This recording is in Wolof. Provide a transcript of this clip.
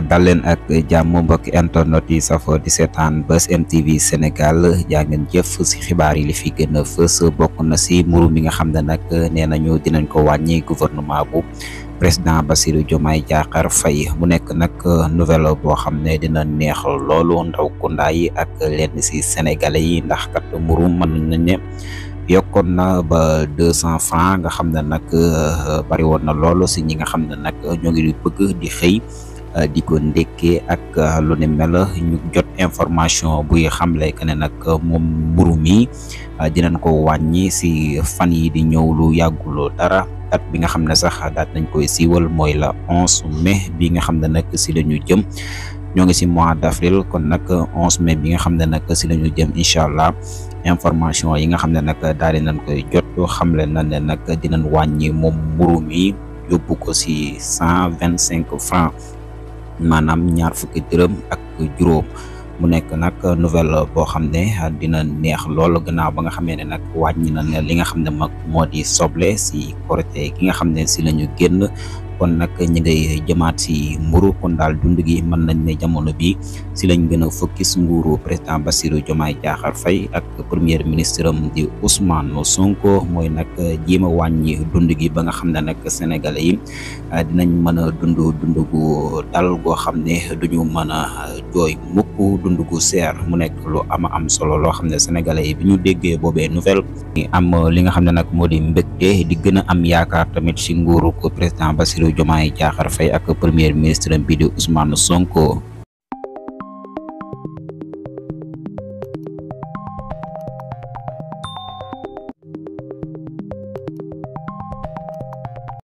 dal leen ak jàmm mbokki internet yi safo di seetaan Buzz M Sénégal jaa jëf si xibaar yi li fi gën a fës bokk na si mburu mi nga xam ne nag nee nañu dinañ ko wàññi gouvernement bu président ba Bassirou Diomaye Diakhar fay mu nekk nag nouvelle boo xam ne dina neex loolu ndaw kundaa yi ak lenn si sénégalais yi ndax kat mburu mën nañ ne yokkoon na ba deux cent francs nga xam ne nag bari woon na loolu si ñi nga xam ne nag ñoo ngi bëgg di xëy Eh, di ko ndekkee ak eh, lu ne mel eh, ñu jot information buy xam lay ne nak mom buru mi dinañ ko wañi si fan yi di ñew lu yagulo dara at bi nga xam ne sax daat nañ koy siiwal moy la 11 mai bi nga xam ne nag si jëm ñoo ngi mois d'avril kon nak 11 mai bi nga xam ne nag si la jëm inshallah information yi nga xam na nag daal nañ koy jot xamle na ne nak dinañ wañi mom buru mi ko 125 francs maanaam ñaar fukki dërëm ak juróom mu nekk nag nouvelle boo xam ne dina neex lool gannaaw ba nga xamee ne nag wàññi na li nga xam ne mag moo di soble si korite ki nga xam ne si la génn kon nag ñi ngay jëmaat si mburu kon daal dund gi mën nañ ne jamono bi si lañ gën a focus nguuru président Bassirou Diomaye Diakhar Faye ak premier ministre am di Ousmane Sonko mooy nag jéem a wàññi dund gi ba nga xam ne nag sénégalais yi ah, dinañ mën a dund dund gu dal goo xam ne duñu mën a jooy mukk dund gu seer mu nekk lu ama am solo loo xam ne sénégalais yi bi ñu déggee boobee nouvelle am li nga xam ne nag moo di mbégte di gën a am yaakaar tamit si nguur président Bassirou Diomaye Diakhar Faye ak premier ministre bi di Sonko